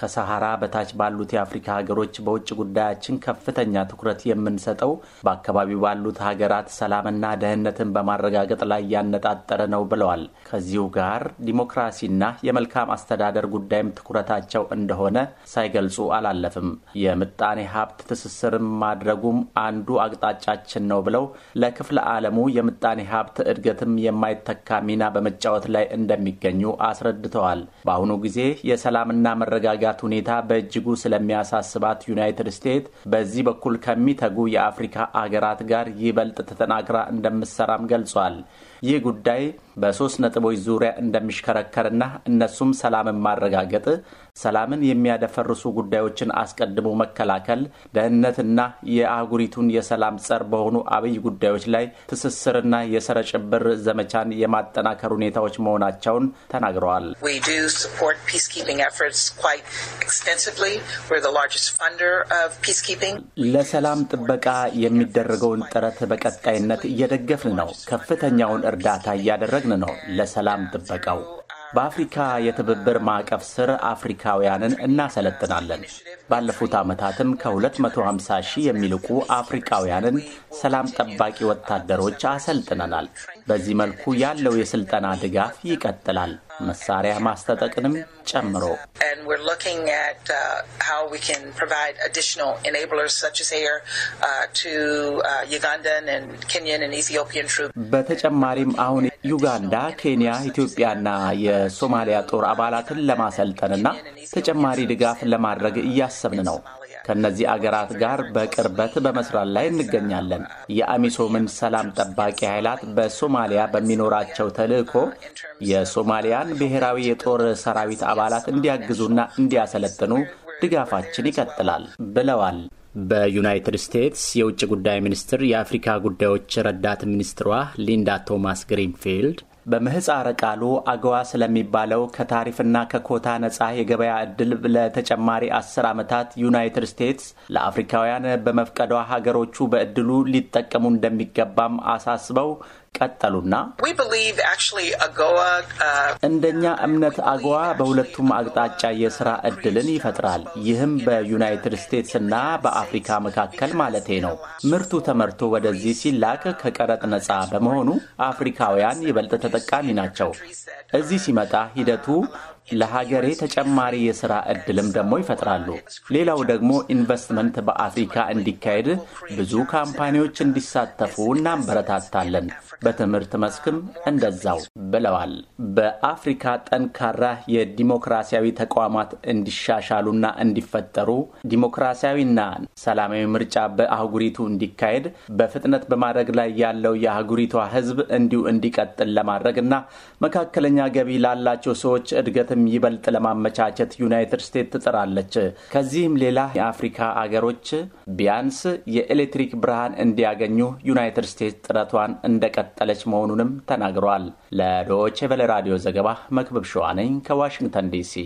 ከሰሃራ በታች ባሉት የአፍሪካ ሀገሮች በውጭ ጉዳያችን ከፍተኛ ትኩረት የምንሰጠው በአካባቢው ባሉት ሀገራት ሰላምና ደህንነትን በማረጋገጥ ላይ ያነጣጠረ ነው ብለዋል። ከዚሁ ጋር ዲሞክራሲና የመልካም አስተዳደር ጉዳይም ትኩረታቸው እንደሆነ ሳይገልጹ አላለፍም። የምጣኔ ሀብት ትስስርም ማድረጉም አንዱ አቅጣጫችን ነው ብለው ለክፍለ ዓለሙ የምጣኔ ሀብት እድገትም የማይተካ ሚና በመጫወት ላይ እንደሚገኙ አስረድተዋል። በአሁኑ ጊዜ የሰላምና መረጋጋት የጊዜያት ሁኔታ በእጅጉ ስለሚያሳስባት ዩናይትድ ስቴትስ በዚህ በኩል ከሚተጉ የአፍሪካ አገራት ጋር ይበልጥ ተጠናክራ እንደምትሰራም ገልጿል። ይህ ጉዳይ በሶስት ነጥቦች ዙሪያ እንደሚሽከረከርና እነሱም ሰላምን ማረጋገጥ፣ ሰላምን የሚያደፈርሱ ጉዳዮችን አስቀድሞ መከላከል፣ ደህንነትና የአህጉሪቱን የሰላም ጸር በሆኑ አብይ ጉዳዮች ላይ ትስስርና የሰረ ጭብር ዘመቻን የማጠናከር ሁኔታዎች መሆናቸውን ተናግረዋል። ለሰላም ጥበቃ የሚደረገውን ጥረት በቀጣይነት እየደገፍን ነው። ከፍተኛውን እርዳታ እያደረግን ነው ለሰላም ጥበቃው። በአፍሪካ የትብብር ማዕቀፍ ስር አፍሪካውያንን እናሰለጥናለን። ባለፉት ዓመታትም ከ250 ሺህ የሚልቁ አፍሪካውያንን ሰላም ጠባቂ ወታደሮች አሰልጥነናል። በዚህ መልኩ ያለው የሥልጠና ድጋፍ ይቀጥላል። መሳሪያ ማስታጠቅንም ጨምሮ uh, uh, uh, በተጨማሪም አሁን ዩጋንዳ፣ ኬንያ፣ ኢትዮጵያና የሶማሊያ ጦር አባላትን ለማሰልጠንና ተጨማሪ ድጋፍ ለማድረግ እያሰብን ነው። ከእነዚህ አገራት ጋር በቅርበት በመስራት ላይ እንገኛለን። የአሚሶምን ሰላም ጠባቂ ኃይላት በሶማሊያ በሚኖራቸው ተልዕኮ የሶማሊያን ብሔራዊ የጦር ሰራዊት አባላት እንዲያግዙና እንዲያሰለጥኑ ድጋፋችን ይቀጥላል ብለዋል። በዩናይትድ ስቴትስ የውጭ ጉዳይ ሚኒስትር የአፍሪካ ጉዳዮች ረዳት ሚኒስትሯ ሊንዳ ቶማስ ግሪንፊልድ በምህፃረ ቃሉ አገዋ ስለሚባለው ከታሪፍና ከኮታ ነጻ የገበያ እድል ለተጨማሪ አስር ዓመታት ዩናይትድ ስቴትስ ለአፍሪካውያን በመፍቀዷ ሀገሮቹ በእድሉ ሊጠቀሙ እንደሚገባም አሳስበው ቀጠሉና uh, እንደኛ እምነት አጎዋ በሁለቱም አቅጣጫ የስራ እድልን ይፈጥራል። ይህም በዩናይትድ ስቴትስና በአፍሪካ መካከል ማለቴ ነው። ምርቱ ተመርቶ ወደዚህ ሲላክ ከቀረጥ ነፃ በመሆኑ አፍሪካውያን ይበልጥ ተጠቃሚ ናቸው። እዚህ ሲመጣ ሂደቱ ለሀገሬ ተጨማሪ የስራ እድልም ደግሞ ይፈጥራሉ። ሌላው ደግሞ ኢንቨስትመንት በአፍሪካ እንዲካሄድ ብዙ ካምፓኒዎች እንዲሳተፉ እናበረታታለን። በትምህርት መስክም እንደዛው ብለዋል። በአፍሪካ ጠንካራ የዲሞክራሲያዊ ተቋማት እንዲሻሻሉና እንዲፈጠሩ ዲሞክራሲያዊና ሰላማዊ ምርጫ በአህጉሪቱ እንዲካሄድ በፍጥነት በማድረግ ላይ ያለው የአህጉሪቷ ሕዝብ እንዲሁ እንዲቀጥል ለማድረግ መካከለኛ ገቢ ላላቸው ሰዎች እድገትም ይበልጥ ለማመቻቸት ዩናይትድ ስቴትስ ትጥራለች። ከዚህም ሌላ የአፍሪካ አገሮች ቢያንስ የኤሌክትሪክ ብርሃን እንዲያገኙ ዩናይትድ ስቴትስ ጥረቷን እንደቀጠለች መሆኑንም ተናግሯል። ለዶቼ ቬለ ራዲዮ ዘገባ መክብብ ሸዋነኝ ከዋሽንግተን ዲሲ